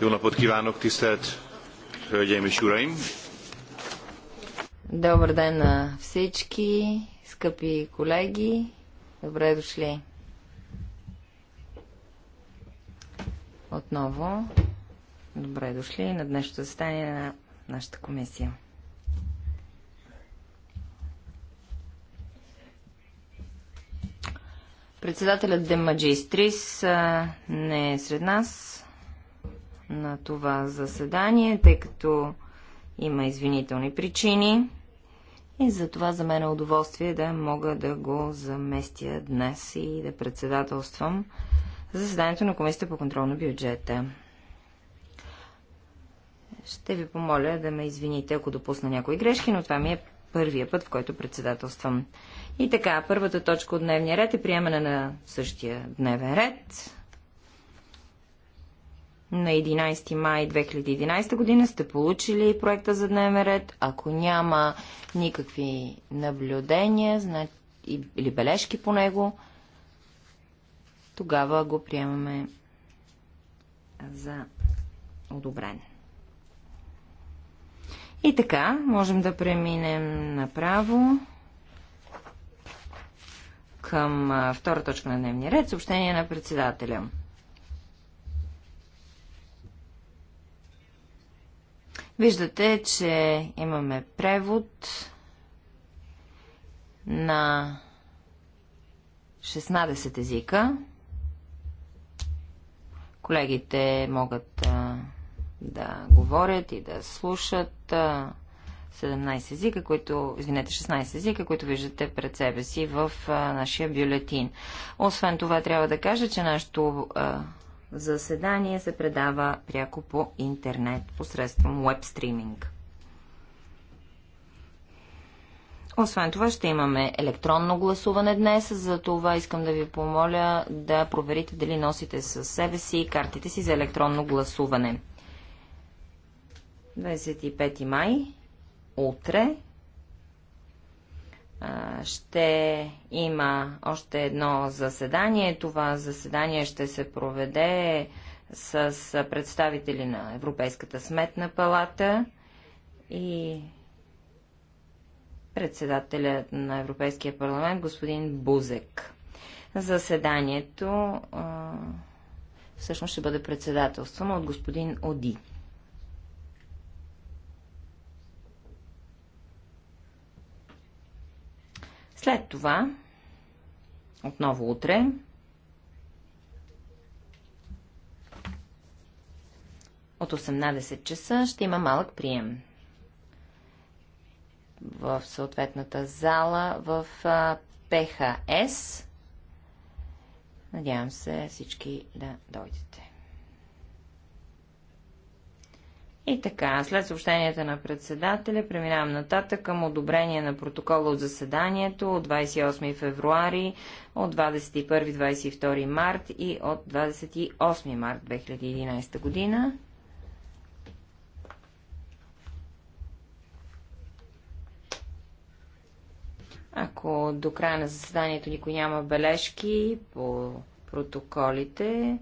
Jó napot kívánok, tisztelt Hölgyeim és Uraim! Добър ден на всички, скъпи колеги! Добре дошли! Отново, добре дошли на днешното заседание на нашата комисия. Председателят Демаджистрис не е сред нас на това заседание, тъй като има извинителни причини. И за това за мен е удоволствие да мога да го заместя днес и да председателствам заседанието на Комисията по контрол на бюджета. Ще ви помоля да ме извините, ако допусна някои грешки, но това ми е първия път, в който председателствам. И така, първата точка от дневния ред е приемане на същия дневен ред на 11 май 2011 година сте получили проекта за дневен ред. Ако няма никакви наблюдения или бележки по него, тогава го приемаме за одобрен. И така, можем да преминем направо към втора точка на дневния ред, съобщение на председателя. Виждате, че имаме превод на 16 езика. Колегите могат да говорят и да слушат 17 езика, които, извинете, 16 езика, които виждате пред себе си в нашия бюлетин. Освен това, трябва да кажа, че нашето заседание се предава пряко по интернет посредством веб стриминг. Освен това ще имаме електронно гласуване днес, за това искам да ви помоля да проверите дали носите със себе си картите си за електронно гласуване. 25 май, утре, ще има още едно заседание. Това заседание ще се проведе с представители на Европейската сметна палата и председателя на Европейския парламент господин Бузек. Заседанието всъщност ще бъде председателствано от господин Оди. След това, отново утре, от 18 часа ще има малък прием в съответната зала в ПХС. Надявам се всички да дойдете. И така, след съобщенията на председателя, преминавам нататък към одобрение на протокола от заседанието от 28 февруари, от 21-22 март и от 28 март 2011 година. Ако до края на заседанието никой няма бележки по протоколите,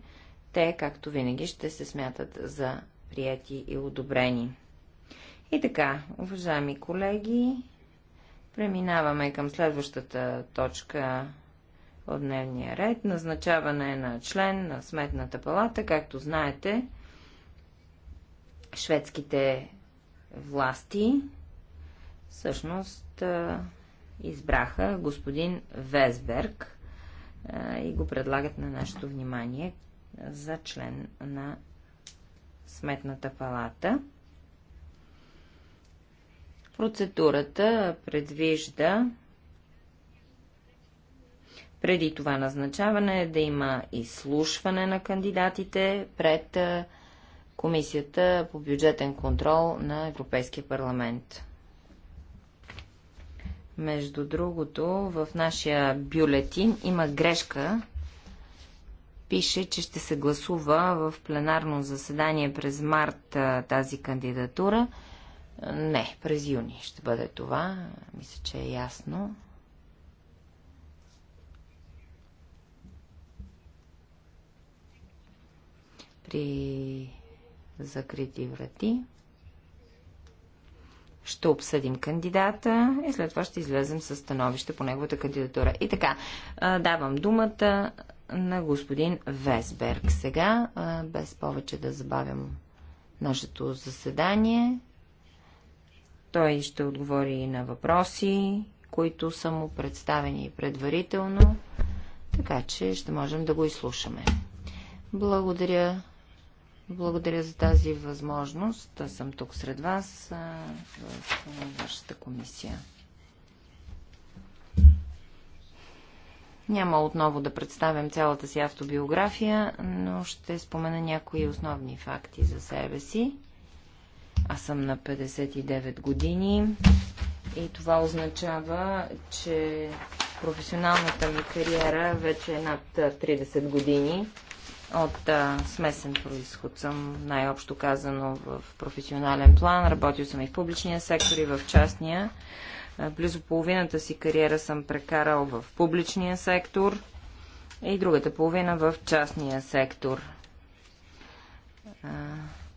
те, както винаги, ще се смятат за прияти и одобрени. И така, уважаеми колеги, преминаваме към следващата точка от дневния ред. Назначаване на член на Сметната палата. Както знаете, шведските власти всъщност избраха господин Везберг и го предлагат на нашето внимание за член на Сметната палата. Процедурата предвижда преди това назначаване да има изслушване на кандидатите пред Комисията по бюджетен контрол на Европейския парламент. Между другото, в нашия бюлетин има грешка пише, че ще се гласува в пленарно заседание през март тази кандидатура. Не, през юни ще бъде това. Мисля, че е ясно. При закрити врати ще обсъдим кандидата и след това ще излезем с становище по неговата кандидатура. И така, давам думата на господин Весберг. Сега, без повече да забавям нашето заседание, той ще отговори и на въпроси, които са му представени предварително, така че ще можем да го изслушаме. Благодаря. Благодаря за тази възможност. Аз съм тук сред вас в вашата комисия. Няма отново да представям цялата си автобиография, но ще спомена някои основни факти за себе си. Аз съм на 59 години и това означава, че професионалната ми кариера вече е над 30 години. От а, смесен происход съм, най-общо казано, в професионален план. Работил съм и в публичния сектор, и в частния. Близо половината си кариера съм прекарал в публичния сектор и другата половина в частния сектор.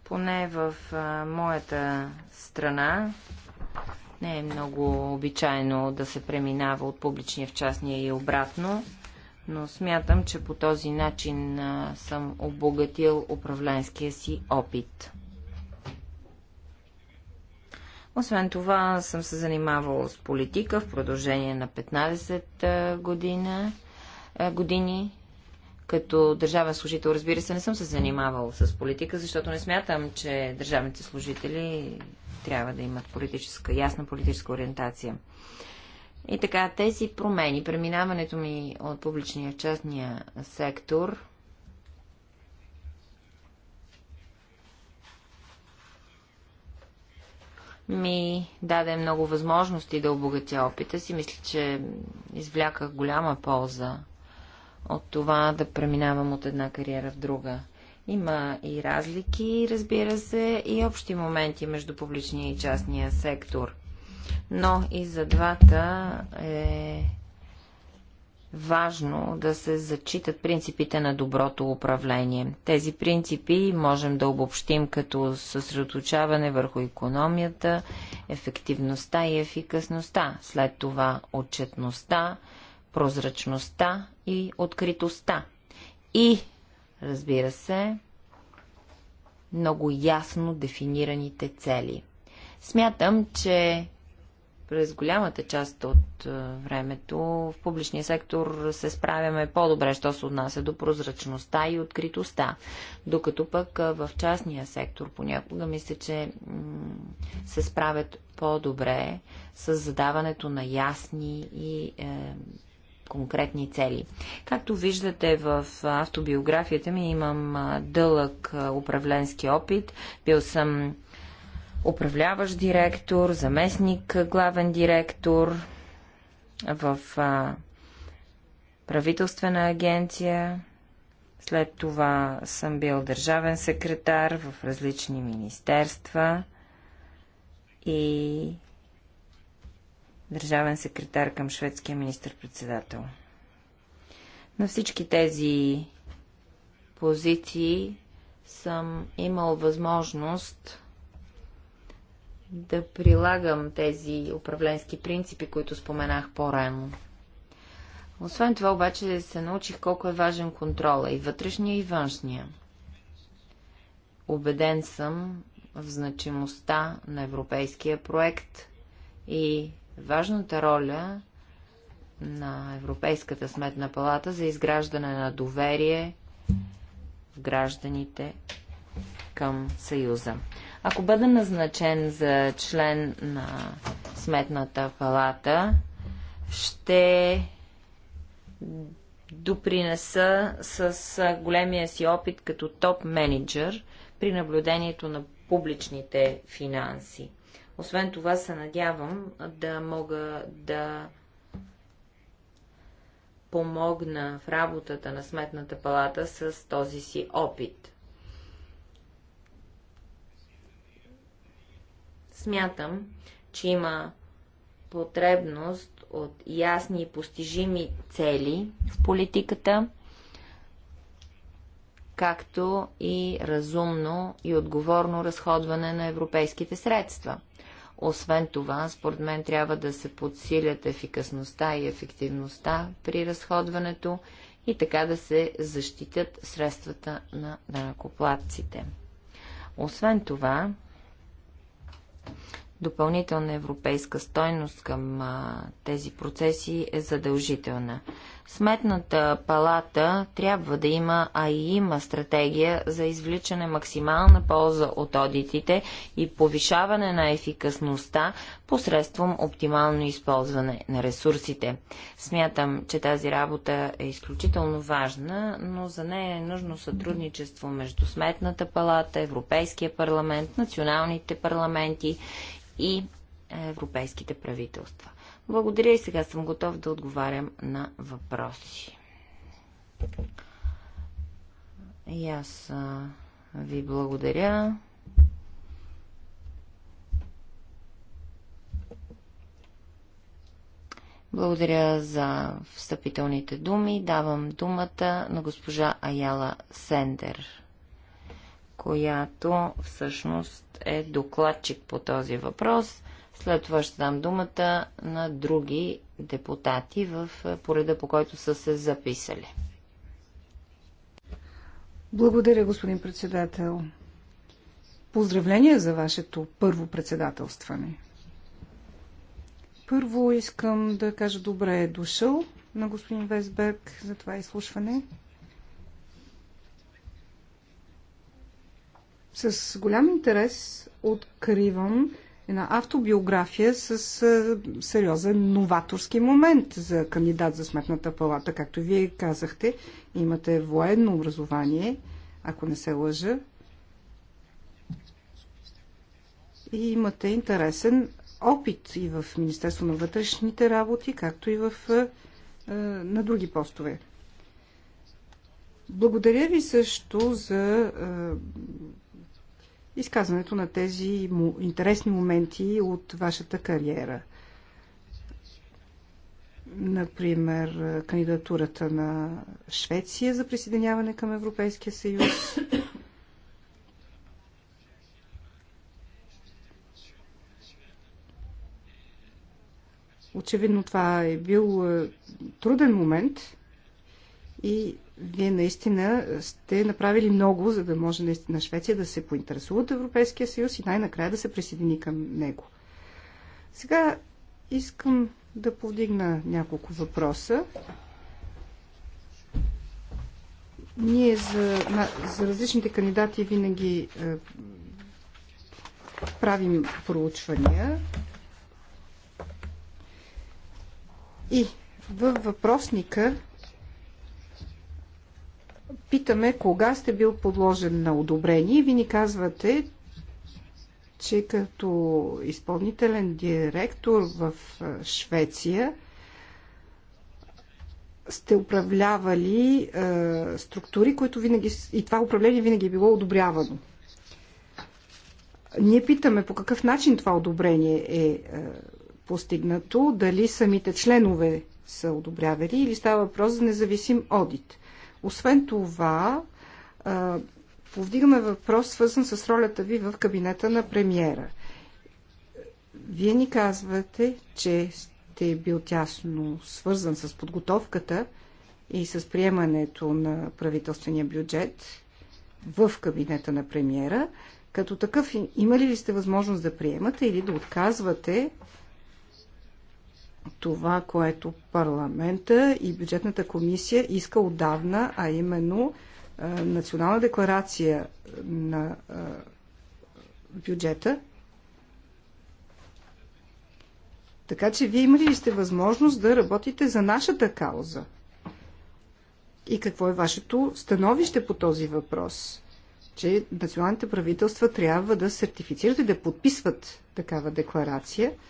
Поне в моята страна не е много обичайно да се преминава от публичния в частния и обратно, но смятам, че по този начин съм обогатил управленския си опит. Освен това съм се занимавал с политика в продължение на 15 година, години. Като държавен служител, разбира се, не съм се занимавал с политика, защото не смятам, че държавните служители трябва да имат политическа, ясна политическа ориентация. И така, тези промени, преминаването ми от публичния в частния сектор – ми даде много възможности да обогатя опита си. Мисля, че извляках голяма полза от това да преминавам от една кариера в друга. Има и разлики, разбира се, и общи моменти между публичния и частния сектор. Но и за двата е важно да се зачитат принципите на доброто управление. Тези принципи можем да обобщим като съсредоточаване върху економията, ефективността и ефикасността, след това отчетността, прозрачността и откритостта. И, разбира се, много ясно дефинираните цели. Смятам, че през голямата част от е, времето в публичния сектор се справяме по-добре, що се отнася до прозрачността и откритостта. Докато пък е, в частния сектор понякога мисля, че се справят по-добре с задаването на ясни и е, конкретни цели. Както виждате в автобиографията ми имам е, дълъг управленски опит. Бил съм управляващ директор, заместник главен директор в а, правителствена агенция. След това съм бил държавен секретар в различни министерства и държавен секретар към шведския министр-председател. На всички тези позиции съм имал възможност да прилагам тези управленски принципи, които споменах по-рано. Освен това обаче се научих колко е важен контрола и вътрешния и външния. Обеден съм в значимостта на европейския проект и важната роля на Европейската сметна палата за изграждане на доверие в гражданите към Съюза. Ако бъда назначен за член на Сметната палата, ще допринеса с големия си опит като топ менеджер при наблюдението на публичните финанси. Освен това се надявам да мога да помогна в работата на Сметната палата с този си опит. Смятам, че има потребност от ясни и постижими цели в политиката, както и разумно и отговорно разходване на европейските средства. Освен това, според мен трябва да се подсилят ефикасността и ефективността при разходването и така да се защитят средствата на данакоплатците. Освен това, допълнителна европейска стойност към а, тези процеси е задължителна. Сметната палата трябва да има, а и има стратегия за извличане максимална полза от одитите и повишаване на ефикасността посредством оптимално използване на ресурсите. Смятам, че тази работа е изключително важна, но за нея е нужно сътрудничество между Сметната палата, Европейския парламент, националните парламенти и европейските правителства. Благодаря и сега съм готов да отговарям на въпроси. И аз ви благодаря. Благодаря за встъпителните думи. Давам думата на госпожа Аяла Сендер която всъщност е докладчик по този въпрос. След това ще дам думата на други депутати в е, пореда, по който са се записали. Благодаря, господин председател. Поздравления за вашето първо председателстване. Първо искам да кажа добре е дошъл на господин Весберг за това изслушване. С голям интерес откривам една автобиография с сериозен новаторски момент за кандидат за сметната палата. Както вие казахте, имате военно образование, ако не се лъжа, и имате интересен опит и в Министерство на вътрешните работи, както и в, на други постове. Благодаря ви също за изказването на тези интересни моменти от вашата кариера. Например, кандидатурата на Швеция за присъединяване към Европейския съюз. Очевидно това е бил е, труден момент и вие наистина сте направили много, за да може наистина Швеция да се поинтересува от Европейския съюз и най-накрая да се присъедини към него. Сега искам да повдигна няколко въпроса. Ние за, за различните кандидати винаги е, правим проучвания. И във въпросника питаме кога сте бил подложен на одобрение и ви ни казвате, че като изпълнителен директор в Швеция сте управлявали е, структури, които винаги и това управление винаги е било одобрявано. Ние питаме по какъв начин това одобрение е, е постигнато, дали самите членове са одобрявали или става въпрос за независим одит. Освен това, повдигаме въпрос, свързан с ролята ви в кабинета на премиера. Вие ни казвате, че сте бил тясно свързан с подготовката и с приемането на правителствения бюджет в кабинета на премиера. Като такъв, имали ли сте възможност да приемате или да отказвате това, което парламента и бюджетната комисия иска отдавна, а именно а, национална декларация на а, бюджета. Така че вие имали ли сте възможност да работите за нашата кауза? И какво е вашето становище по този въпрос? Че националните правителства трябва да сертифицират и да подписват такава декларация –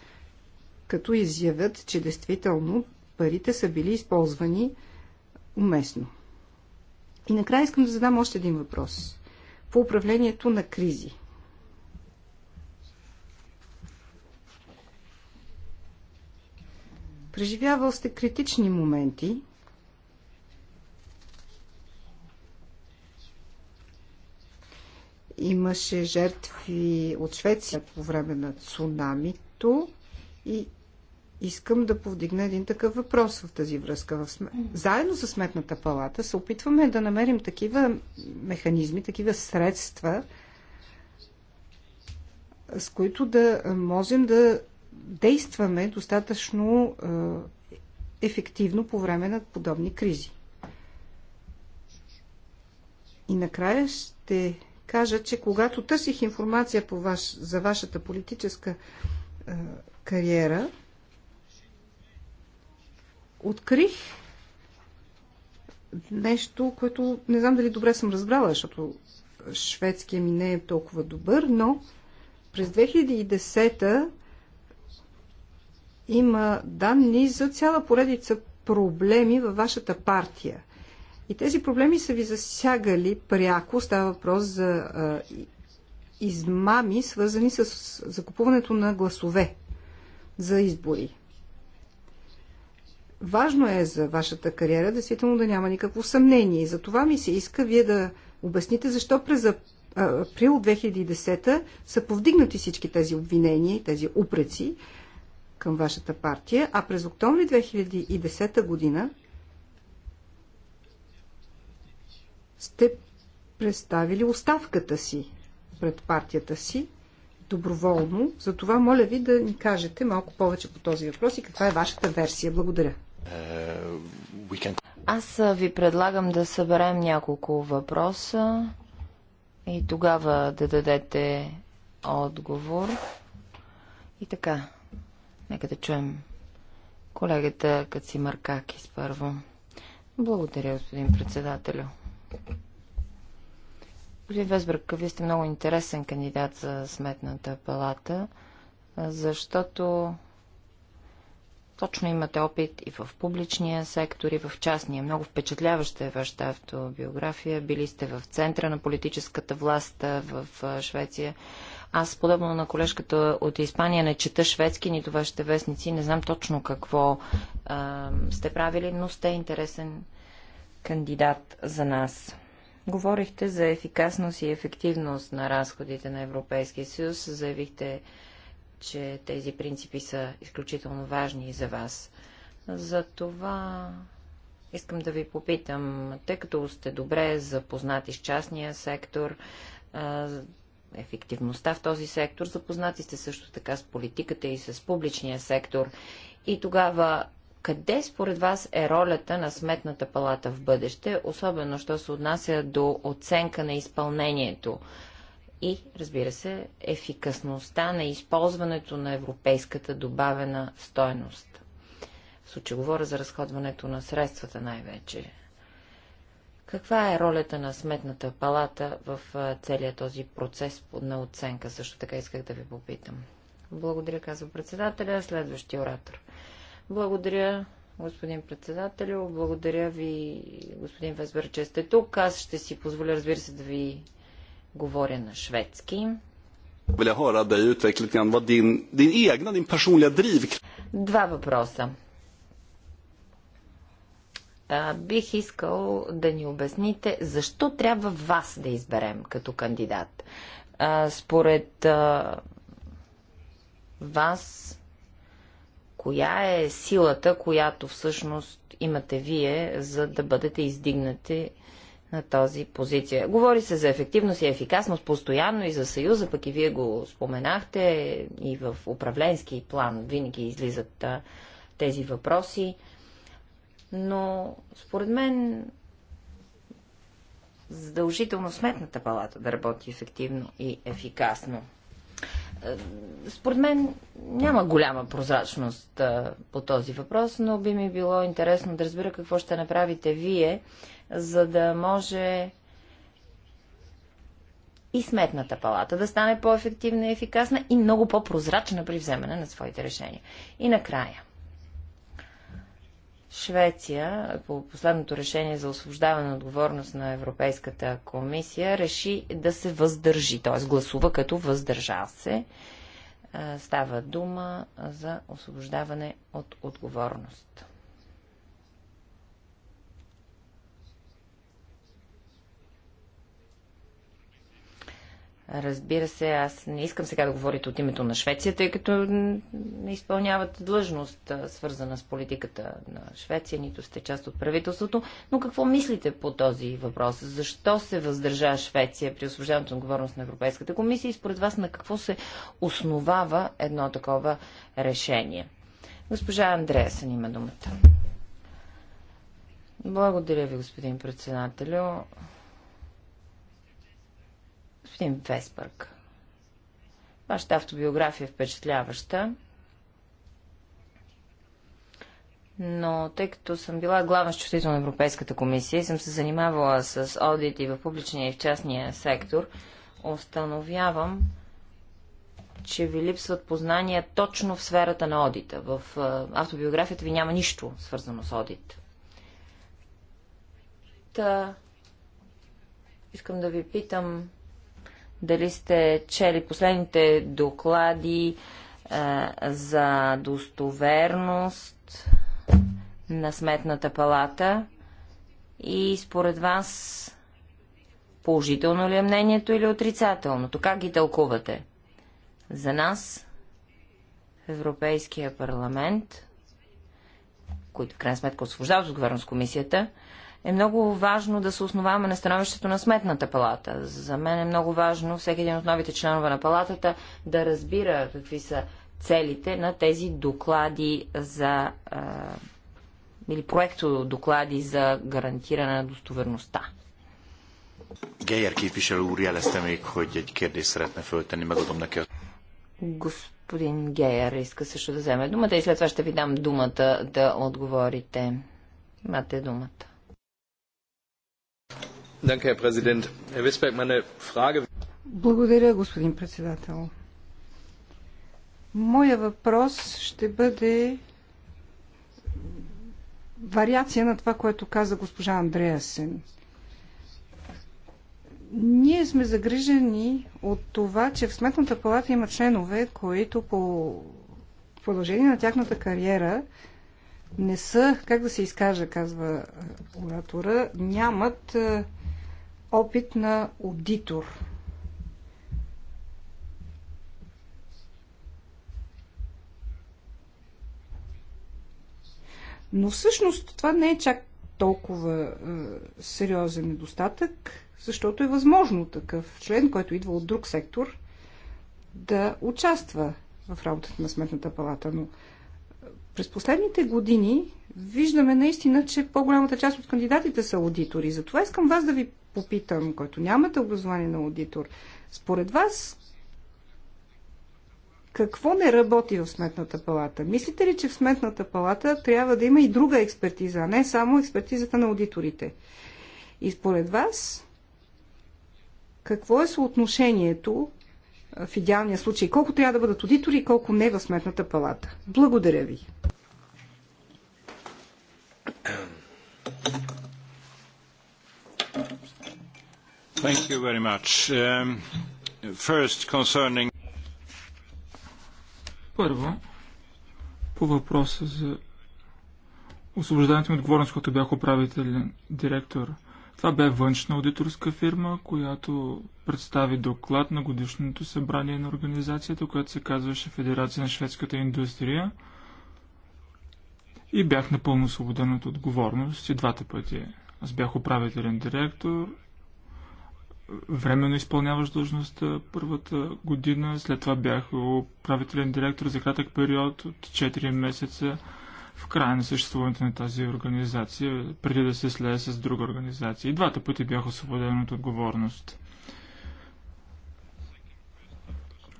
като изявят, че действително парите са били използвани уместно. И накрая искам да задам още един въпрос. По управлението на кризи. Преживявал сте критични моменти, имаше жертви от Швеция по време на цунамито и искам да повдигна един такъв въпрос в тази връзка. Заедно с Сметната палата се опитваме да намерим такива механизми, такива средства, с които да можем да действаме достатъчно ефективно по време на подобни кризи. И накрая ще кажа, че когато търсих информация по ваш, за вашата политическа е, кариера, открих нещо, което не знам дали добре съм разбрала, защото шведския ми не е толкова добър, но през 2010 има данни за цяла поредица проблеми във вашата партия. И тези проблеми са ви засягали пряко. Става въпрос за а, измами, свързани с закупуването на гласове за избори. Важно е за вашата кариера, действително да няма никакво съмнение. И за това ми се иска вие да обясните защо през април 2010 са повдигнати всички тези обвинения, тези упреци към вашата партия, а през октомври 2010 година сте представили оставката си пред партията си доброволно. Затова моля ви да ни кажете малко повече по този въпрос и каква е вашата версия. Благодаря. Uh, Аз ви предлагам да съберем няколко въпроса и тогава да дадете отговор. И така, нека да чуем колегата Кацимаркакис първо. Благодаря, господин председателю. Господин Везбърк, вие сте много интересен кандидат за сметната палата, защото точно имате опит и в публичния сектор, и в частния. Много впечатляваща е вашата автобиография. Били сте в центъра на политическата власт в Швеция. Аз, подобно на колежката от Испания, не чета шведски, нито вашите вестници. Не знам точно какво а, сте правили, но сте интересен кандидат за нас. Говорихте за ефикасност и ефективност на разходите на Европейския съюз. Заявихте, че тези принципи са изключително важни за вас. Затова искам да ви попитам, тъй като сте добре запознати с частния сектор, ефективността в този сектор, запознати сте също така с политиката и с публичния сектор. И тогава къде според вас е ролята на Сметната палата в бъдеще, особено що се отнася до оценка на изпълнението и, разбира се, ефикасността на използването на европейската добавена стойност. В случай говоря за разходването на средствата най-вече. Каква е ролята на Сметната палата в целият този процес на оценка? Също така исках да ви попитам. Благодаря, казва председателя. Следващия оратор. Благодаря, господин председателю. Благодаря ви, господин Везбер, че сте тук. Аз ще си позволя, разбира се, да ви Говоря на шведски. Два въпроса. бих искал да ни обясните защо трябва вас да изберем като кандидат. според вас, коя е силата, която всъщност имате вие, за да бъдете издигнати на тази позиция. Говори се за ефективност и ефикасност постоянно и за Съюза, пък и вие го споменахте и в управленски план винаги излизат а, тези въпроси. Но според мен задължително сметната палата да работи ефективно и ефикасно. Според мен няма голяма прозрачност а, по този въпрос, но би ми било интересно да разбера какво ще направите вие, за да може и сметната палата да стане по-ефективна и ефикасна и много по-прозрачна при вземане на своите решения. И накрая. Швеция по последното решение за освобождаване на отговорност на Европейската комисия реши да се въздържи, т.е. гласува като въздържал се. Става дума за освобождаване от отговорност. Разбира се, аз не искам сега да говорите от името на Швеция, тъй като не изпълняват длъжност, свързана с политиката на Швеция, нито сте част от правителството. Но какво мислите по този въпрос? Защо се въздържа Швеция при освобождаването на отговорност на Европейската комисия и според вас на какво се основава едно такова решение? Госпожа Андреасен има думата. Благодаря ви, господин председателю. Господин Веспърк, вашата автобиография е впечатляваща, но тъй като съм била главен счетоводител на Европейската комисия и съм се занимавала с аудити в публичния и в частния сектор, установявам, че ви липсват познания точно в сферата на аудита. В автобиографията ви няма нищо свързано с аудит. Та, искам да ви питам дали сте чели последните доклади а, е, за достоверност на Сметната палата и според вас положително ли е мнението или отрицателното? Как ги тълкувате? За нас в Европейския парламент, които в крайна сметка освобождават отговорност комисията, е много важно да се основаваме на становището на Сметната палата. За мен е много важно всеки един от новите членове на палатата да разбира какви са целите на тези доклади за а, или проекто доклади за гарантиране на достоверността. Гейер képviselő úr jelezte még, hogy egy kérdést szeretne föltenni, megadom neki a... Господин Гейер иска също да вземе думата и след това ще ви дам думата да отговорите. Имате думата. Благодаря, господин председател. Моя въпрос ще бъде вариация на това, което каза госпожа Андреасен. Ние сме загрижени от това, че в Сметната палата има членове, които по продължение на тяхната кариера не са, как да се изкажа, казва е, оратора, нямат е, опит на аудитор. Но всъщност това не е чак толкова е, сериозен недостатък, защото е възможно такъв член, който идва от друг сектор, да участва в работата на Сметната палата. Но е, през последните години виждаме наистина, че по-голямата част от кандидатите са аудитори. Затова искам вас да ви попитам, който нямате образование на аудитор, според вас какво не работи в Сметната палата? Мислите ли, че в Сметната палата трябва да има и друга експертиза, а не само експертизата на аудиторите? И според вас, какво е съотношението в идеалния случай? Колко трябва да бъдат аудитори и колко не в Сметната палата? Благодаря ви. Thank you very much. Um, first, concerning... Първо, по въпроса за освобождането от отговорност, когато бях управителен директор. Това бе външна аудиторска фирма, която представи доклад на годишното събрание на организацията, която се казваше Федерация на шведската индустрия. И бях напълно освободен от отговорност и двата пъти. Аз бях управителен директор временно изпълняваш длъжността първата година, след това бях управителен директор за кратък период от 4 месеца в края на съществуването на тази организация, преди да се слее с друга организация. И двата пъти бях освободен от отговорност.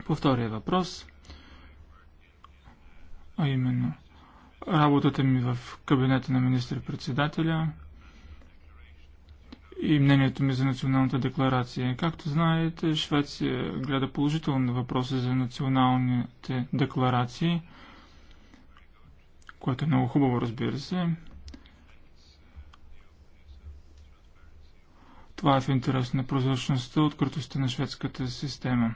По втория въпрос, а именно работата ми в кабинета на министър-председателя – и мнението ми за националната декларация. Както знаете, Швеция гледа положително въпроса за националните декларации, което е много хубаво, разбира се. Това е в интерес на прозрачността, откритостта на шведската система.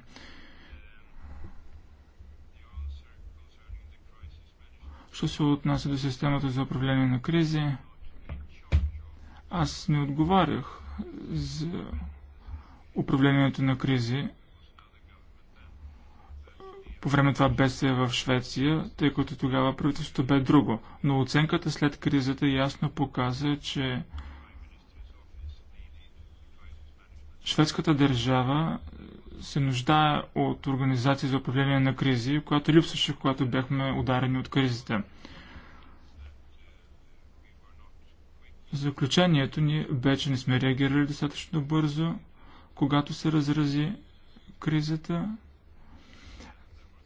Що се отнася до системата за управление на кризи, аз не отговарях за управлението на кризи по време това бедствие в Швеция, тъй като тогава правителството бе друго. Но оценката след кризата ясно показа, че шведската държава се нуждае от организация за управление на кризи, която липсваше, когато бяхме ударени от кризите. Заключението ни бе, че не сме реагирали достатъчно бързо, когато се разрази кризата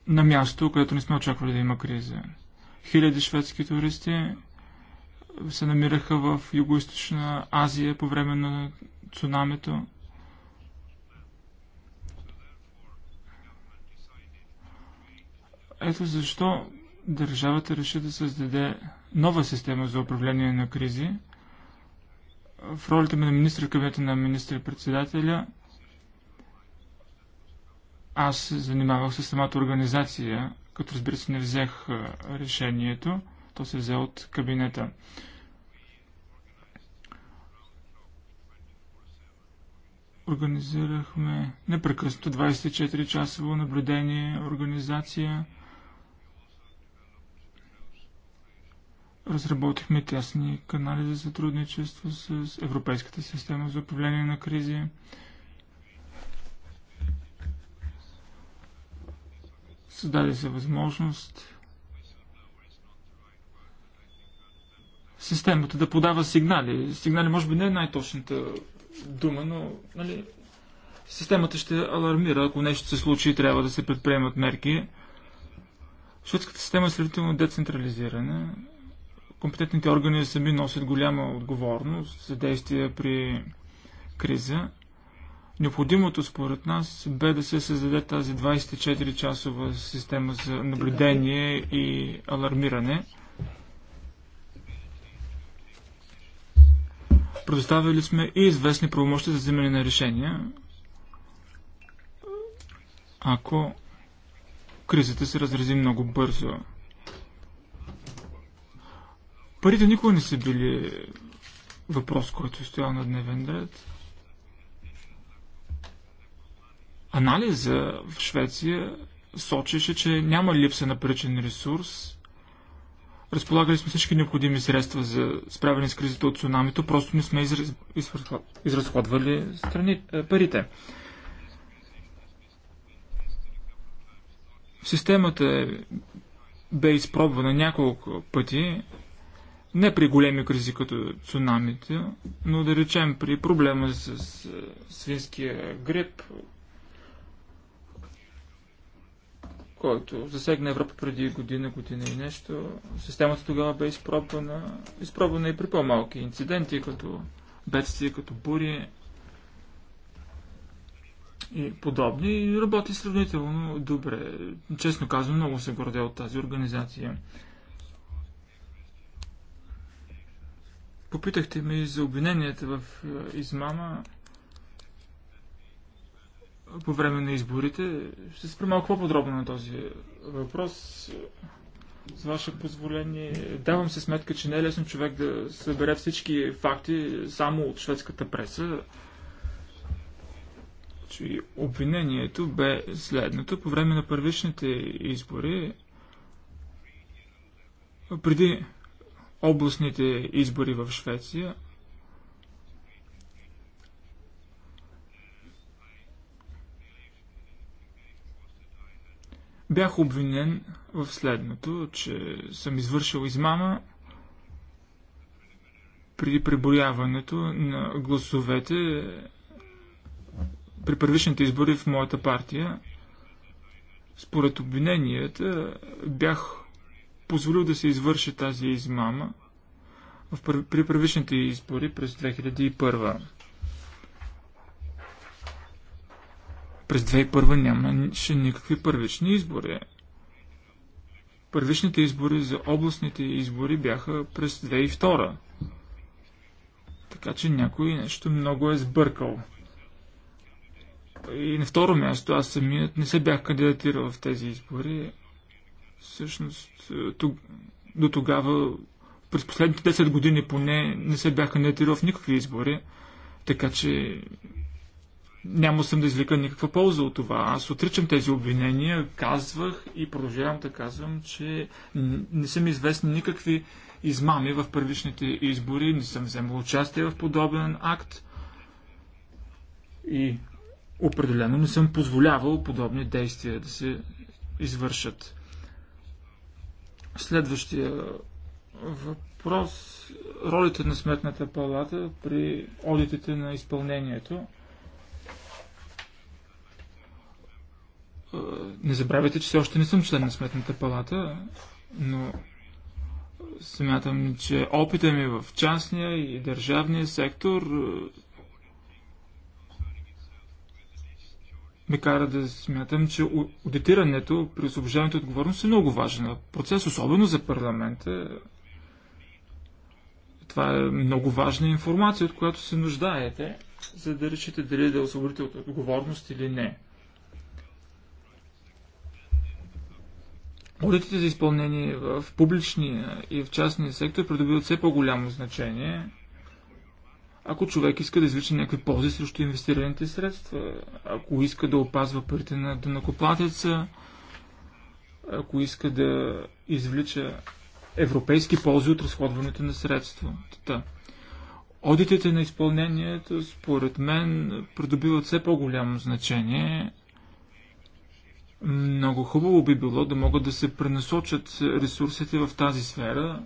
на място, където не сме очаквали да има криза. Хиляди шведски туристи се намираха в Юго-Источна Азия по време на цунамито. Ето защо държавата реши да създаде нова система за управление на кризи – в ролята ми на министър в кабинета на министър-председателя аз се занимавах с самата организация, като разбира се не взех решението, то се взе от кабинета. Организирахме непрекъснато 24-часово наблюдение, организация – Разработихме тясни канали за сътрудничество с Европейската система за управление на кризи. Създаде се възможност системата да подава сигнали. Сигнали може би не е най-точната дума, но нали, системата ще алармира, ако нещо се случи и трябва да се предприемат мерки. Шведската система е сравнително децентрализирана компетентните органи сами носят голяма отговорност за действия при криза. Необходимото според нас бе да се създаде тази 24-часова система за наблюдение и алармиране. Предоставили сме и известни правомощи за вземане на решения, ако кризата се разрази много бързо. Парите никога не са били въпрос, който е стоял на дневен ред. Анализа в Швеция сочеше, че няма липса на паричен ресурс. Разполагали сме всички необходими средства за справяне с кризата от цунамито, просто не сме израз... изразходвали страни... Е, парите. Системата е- бе изпробвана няколко пъти не при големи кризи като цунамите, но да речем при проблема с е, свинския грип, който засегна Европа преди година, година и нещо. Системата тогава бе изпробвана, изпробвана и при по-малки инциденти, като бедствия, като бури и подобни. И работи сравнително добре. Честно казвам, много се гордя от тази организация. Попитахте ми за обвиненията в е, измама по време на изборите. Ще спра малко по-подробно на този въпрос. С ваше позволение, давам се сметка, че не е лесно човек да събере всички факти само от шведската преса. Че обвинението бе следното. По време на първичните избори, преди областните избори в Швеция. Бях обвинен в следното, че съм извършил измама при преброяването на гласовете при първичните избори в моята партия. Според обвиненията бях позволил да се извърши тази измама при първичните избори през 2001. През 2001 нямаше никакви първични избори. Първичните избори за областните избори бяха през 2002. Така че някой нещо много е сбъркал. И на второ място, аз самият не се бях кандидатирал в тези избори. Всъщност, е, тук, до тогава, през последните 10 години поне, не се бяха кандидатирал в никакви избори, така че няма съм да извлека никаква полза от това. Аз отричам тези обвинения, казвах и продължавам да казвам, че не съм известни никакви измами в първичните избори, не съм вземал участие в подобен акт и определено не съм позволявал подобни действия да се извършат. Следващия въпрос ролите на Сметната палата при одитите на изпълнението. Е, не забравяйте, че все още не съм член на Сметната палата, но смятам, че опита ми в частния и държавния сектор е, ме кара да смятам, че аудитирането при освобождаването от отговорност е много важен процес, особено за парламента. Това е много важна информация, от която се нуждаете, за да решите дали да освободите от отговорност или не. Одитите за изпълнение в публичния и в частния сектор придобиват все по-голямо значение – ако човек иска да излича някакви ползи срещу инвестираните средства, ако иска да опазва парите на дънакоплатеца, ако иска да извлича европейски ползи от разходването на средства. Тата. Одитите на изпълнението, според мен, придобиват все по-голямо значение. Много хубаво би било да могат да се пренасочат ресурсите в тази сфера,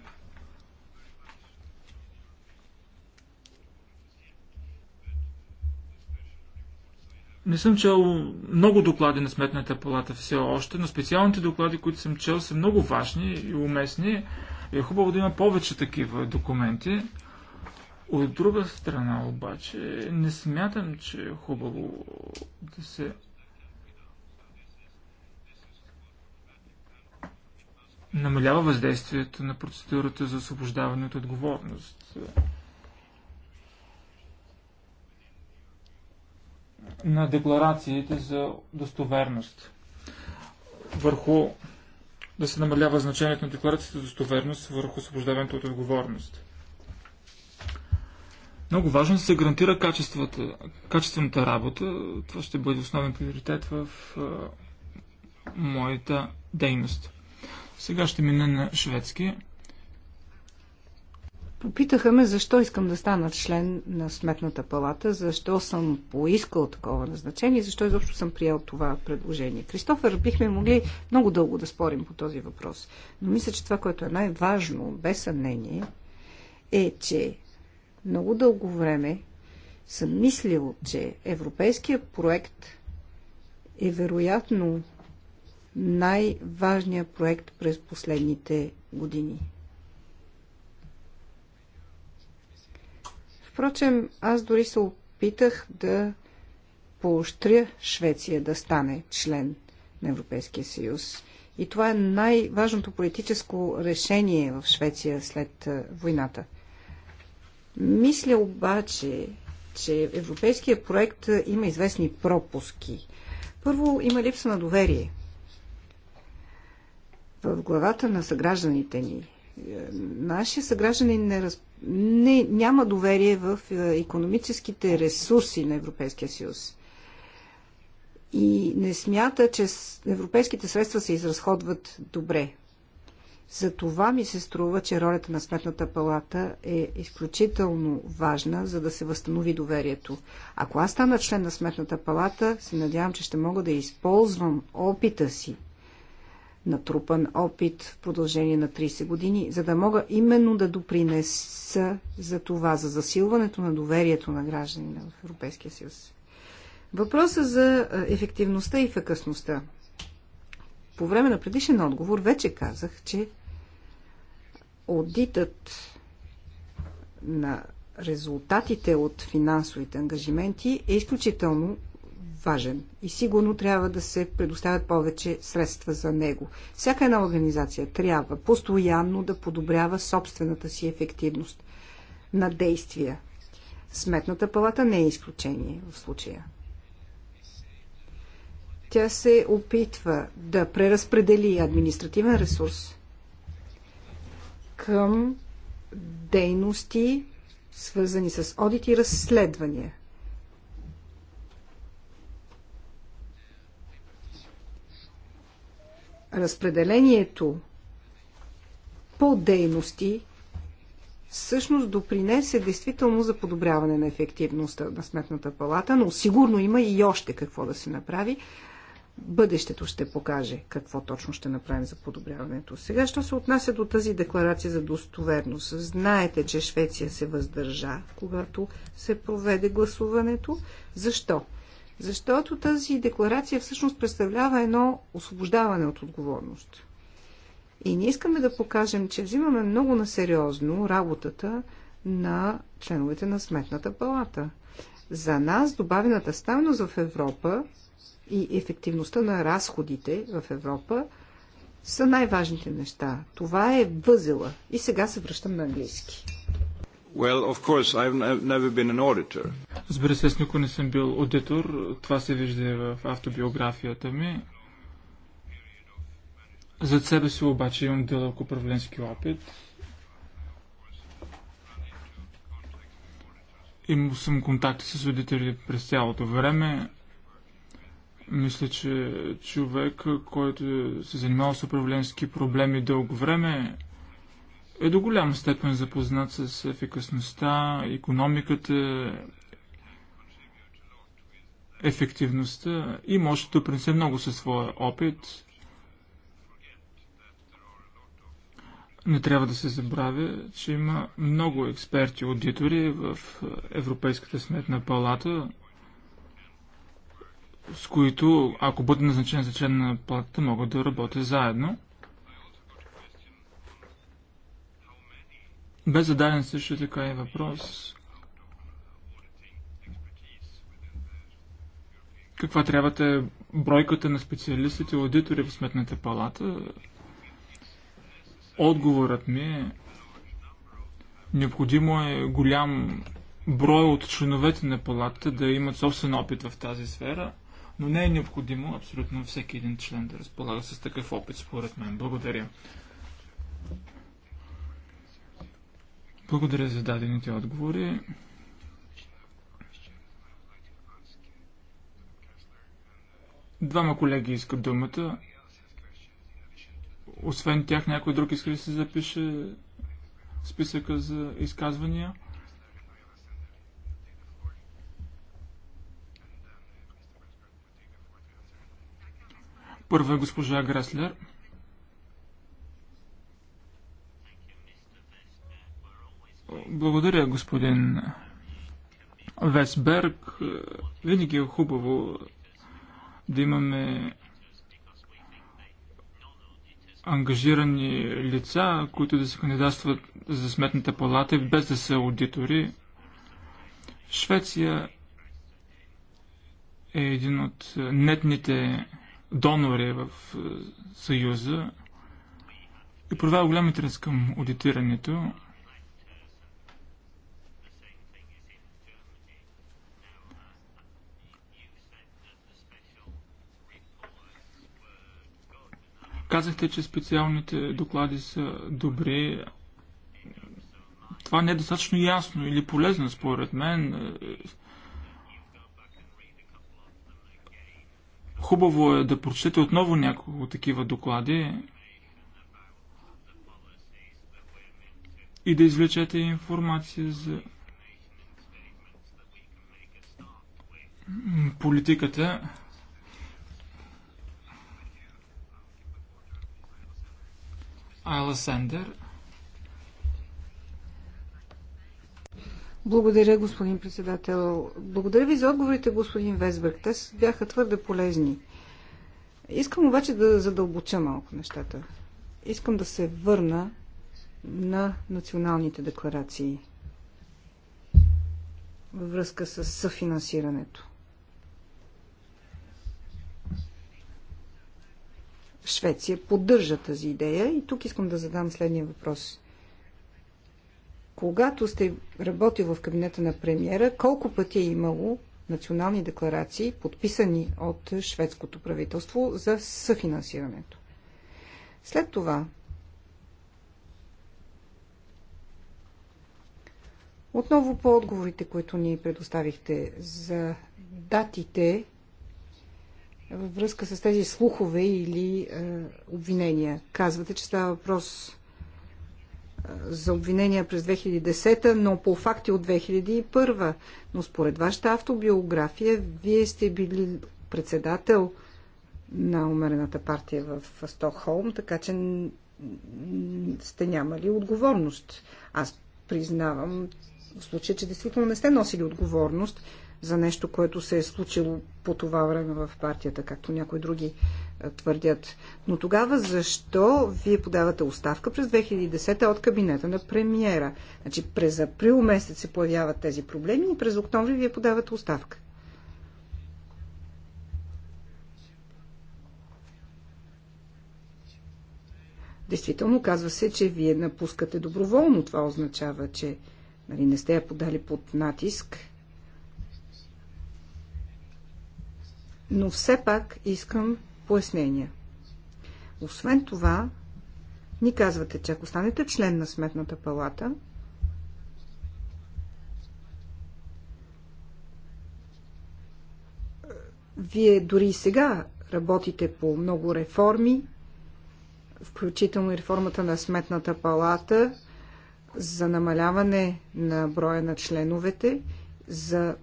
Не съм чел много доклади на Сметната палата все още, но специалните доклади, които съм чел, са много важни и уместни. Е хубаво да има повече такива документи. От друга страна обаче, не смятам, че е хубаво да се намалява въздействието на процедурата за освобождаване от отговорност. на декларациите за достоверност. Върху да се намалява значението на декларацията за достоверност върху освобождаването от отговорност. Много важно е да се гарантира качествената работа. Това ще бъде основен приоритет в а, моята дейност. Сега ще мина на шведски. Попитаха ме защо искам да стана член на Сметната палата, защо съм поискал такова назначение, и защо изобщо съм приел това предложение. Кристофър, бихме могли много дълго да спорим по този въпрос, но мисля, че това, което е най-важно, без съмнение, е, че много дълго време съм мислил, че европейския проект е вероятно най-важният проект през последните години. Впрочем, аз дори се опитах да поощря Швеция да стане член на Европейския съюз. И това е най-важното политическо решение в Швеция след войната. Мисля обаче, че европейския проект има известни пропуски. Първо, има липса на доверие. В главата на съгражданите ни нашия съграждани не, раз... не, няма доверие в економическите ресурси на Европейския съюз. И не смята, че европейските средства се изразходват добре. За това ми се струва, че ролята на Сметната палата е изключително важна, за да се възстанови доверието. Ако аз стана член на Сметната палата, се надявам, че ще мога да използвам опита си натрупан опит в продължение на 30 години, за да мога именно да допринеса за това, за засилването на доверието на гражданина в Европейския съюз. Въпроса за ефективността и фъкъсността. По време на предишен отговор вече казах, че аудитът на резултатите от финансовите ангажименти е изключително важен и сигурно трябва да се предоставят повече средства за него. Всяка една организация трябва постоянно да подобрява собствената си ефективност на действия. Сметната палата не е изключение в случая. Тя се опитва да преразпредели административен ресурс към дейности, свързани с одити и разследвания – разпределението по дейности всъщност допринесе действително за подобряване на ефективността на Сметната палата, но сигурно има и още какво да се направи. Бъдещето ще покаже какво точно ще направим за подобряването. Сега, що се отнася до тази декларация за достоверност? Знаете, че Швеция се въздържа, когато се проведе гласуването. Защо? Защото тази декларация всъщност представлява едно освобождаване от отговорност. И ние искаме да покажем, че взимаме много насериозно работата на членовете на Сметната палата. За нас добавената стойност в Европа и ефективността на разходите в Европа са най-важните неща. Това е възела. И сега се връщам на английски. Well, of course, I've never been an auditor. Разбира се, аз никога не съм бил аудитор. Това се вижда в автобиографията ми. Зад себе си обаче имам дълъг управленски опит. Имал съм контакти с аудитори през цялото време. Мисля, че човек, който се занимава с управленски проблеми дълго време, е до голяма степен запознат с ефикасността, економиката, ефективността и може да принесе много със своя опит. Не трябва да се забравя, че има много експерти, аудитори в Европейската сметна палата, с които, ако бъде назначен за член на палатата, могат да работят заедно. Бе зададен също така и въпрос каква трябва да е бройката на специалистите и аудитори в Сметната палата. Отговорът ми е необходимо е голям брой от членовете на палатата да имат собствен опит в тази сфера, но не е необходимо абсолютно всеки един член да разполага с такъв опит, според мен. Благодаря. Благодаря за дадените отговори. Двама колеги искат думата. Освен тях, някой друг иска да се запише списъка за изказвания. Първа е госпожа Греслер. Благодаря, господин Весберг. Винаги е хубаво да имаме ангажирани лица, които да се кандидатстват за сметната палата, без да са аудитори. Швеция е един от нетните донори в Съюза и провел голям интерес към аудитирането. Казахте, че специалните доклади са добри. Това не е достатъчно ясно или полезно, според мен. Хубаво е да прочетете отново няколко такива доклади и да извлечете информация за политиката. Айла Сендер. Благодаря, господин председател. Благодаря ви за отговорите, господин Везберг. Те бяха твърде полезни. Искам обаче да задълбоча малко нещата. Искам да се върна на националните декларации във връзка с съфинансирането. Швеция поддържа тази идея и тук искам да задам следния въпрос. Когато сте работил в кабинета на премиера, колко пъти е имало национални декларации, подписани от шведското правителство за съфинансирането? След това, отново по отговорите, които ни предоставихте за датите, във връзка с тези слухове или е, обвинения. Казвате, че става въпрос е, за обвинения през 2010, но по факти от 2001. Но според вашата автобиография, вие сте били председател на умерената партия в Стокхолм, така че сте нямали отговорност. Аз признавам в случай, че действително не сте носили отговорност за нещо, което се е случило по това време в партията, както някои други твърдят. Но тогава защо вие подавате оставка през 2010 от кабинета на премиера? Значи през април месец се появяват тези проблеми и през октомври вие подавате оставка. Действително, казва се, че вие напускате доброволно. Това означава, че нали, не сте я подали под натиск – но все пак искам пояснения. Освен това, ни казвате, че ако станете член на Сметната палата, вие дори и сега работите по много реформи, включително и реформата на Сметната палата за намаляване на броя на членовете, за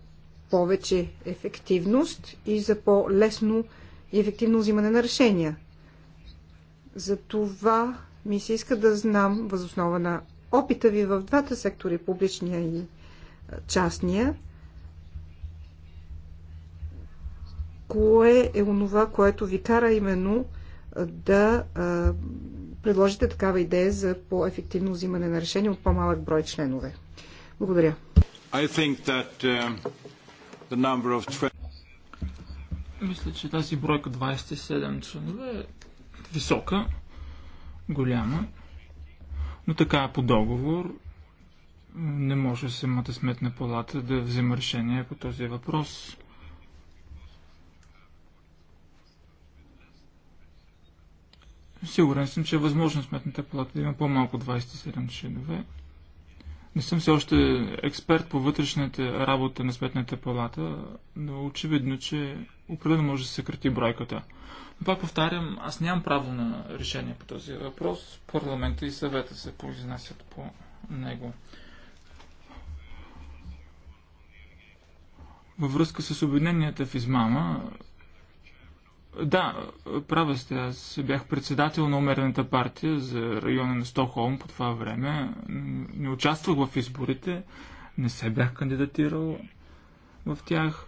повече ефективност и за по-лесно и ефективно взимане на решения. За това ми се иска да знам, възоснова на опита ви в двата сектори, публичния и частния, кое е онова, което ви кара именно да а, предложите такава идея за по-ефективно взимане на решения от по-малък брой членове. Благодаря. I think that, uh... Мисля, че тази бройка 27 членове е висока, голяма, но така е по договор не може самата сметна палата да взема решение по този въпрос. Сигурен съм, че е възможно сметната палата да има по-малко 27 членове. Не съм все още експерт по вътрешната работа на Сметната палата, но очевидно, че определено може да се съкрати бройката. Но пак повтарям, аз нямам право на решение по този въпрос. Парламента и съвета се произнасят по него. Във връзка с обвиненията в измама, да, права сте. Аз бях председател на умерената партия за района на Стокхолм по това време. Не участвах в изборите, не се бях кандидатирал в тях.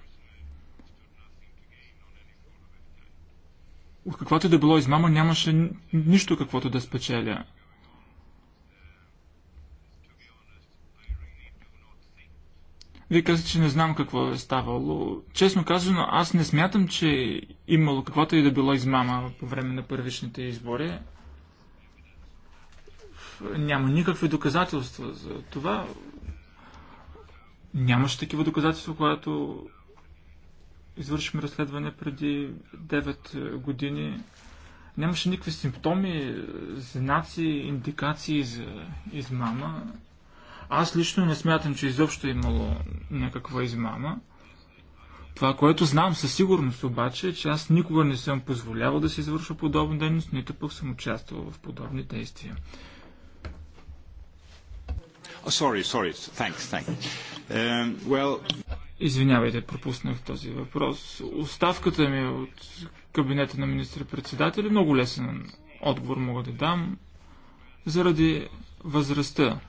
От каквото да било измама, нямаше нищо каквото да спечеля. Вие казахте, че не знам какво е ставало. Честно казано, аз не смятам, че имало каквато и да било измама по време на първичните избори. Няма никакви доказателства за това. Нямаше такива доказателства, когато извършим разследване преди 9 е, години. Нямаше никакви симптоми, е, знаци, индикации за измама. Аз лично не смятам, че изобщо е имало някаква измама. Това, което знам със сигурност обаче, е, че аз никога не съм позволявал да се извършва подобна дейност, нито пък съм участвал в подобни действия. Oh, sorry, sorry. Thanks, thanks. Uh, well... Извинявайте, пропуснах този въпрос. Оставката ми е от кабинета на министър-председателя много лесен отговор мога да дам заради възрастта.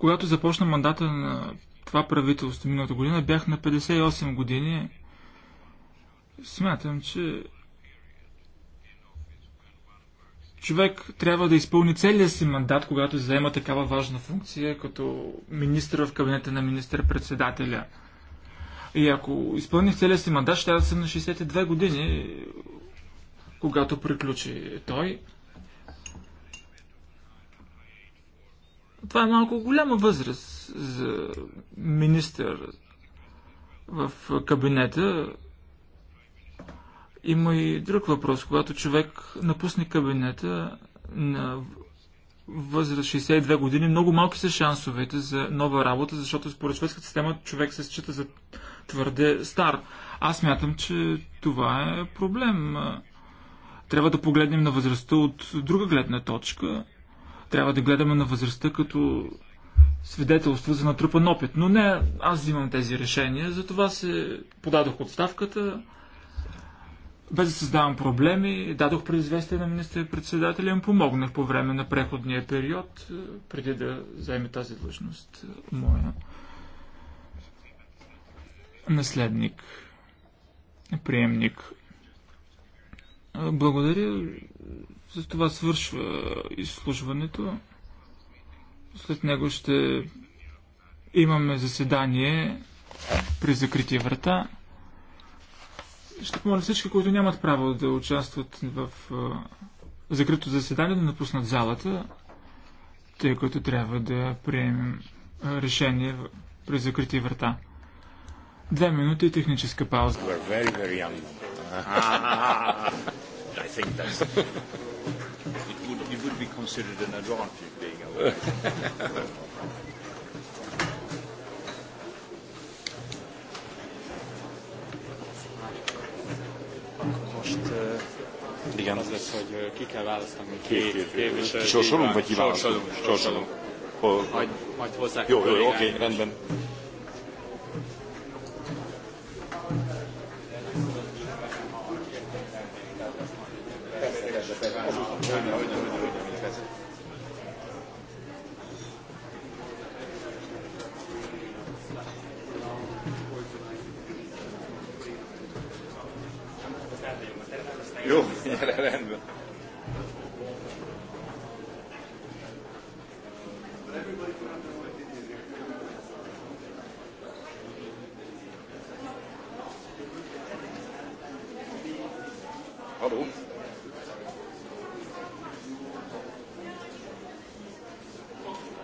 Когато започна мандата на това правителство миналата година, бях на 58 години. Смятам, че човек трябва да изпълни целия си мандат, когато заема такава важна функция, като министър в кабинета на министър-председателя. И ако изпълних целия си мандат, ще да съм на 62 години, когато приключи той. Това е малко голяма възраст за министър в кабинета. Има и друг въпрос. Когато човек напусне кабинета на възраст 62 години, много малки са шансовете за нова работа, защото според шведската система човек се счита за твърде стар. Аз мятам, че това е проблем. Трябва да погледнем на възрастта от друга гледна точка. Трябва да гледаме на възрастта като свидетелство за натрупан опит. Но не аз взимам тези решения, затова се подадох отставката, без да създавам проблеми, дадох предизвестие на министър-председателя и им помогнах по време на преходния период, е, преди да вземе тази длъжност е, моя наследник, приемник. Благодаря за това свършва изслужването. След него ще имаме заседание при закрити врата. Ще помоля всички, които нямат право да участват в закрито заседание, да напуснат залата, тъй като трябва да приемем решение при закрити врата. Две минути и техническа пауза. be considered an advantage being away. Most igen. az lesz, hogy ki kell választani két képviselőt. Sorsolunk, vagy kiválasztunk? Sorsolunk. Sorsolunk. Majd, majd hozzá. Jó, jó, oké, rendben.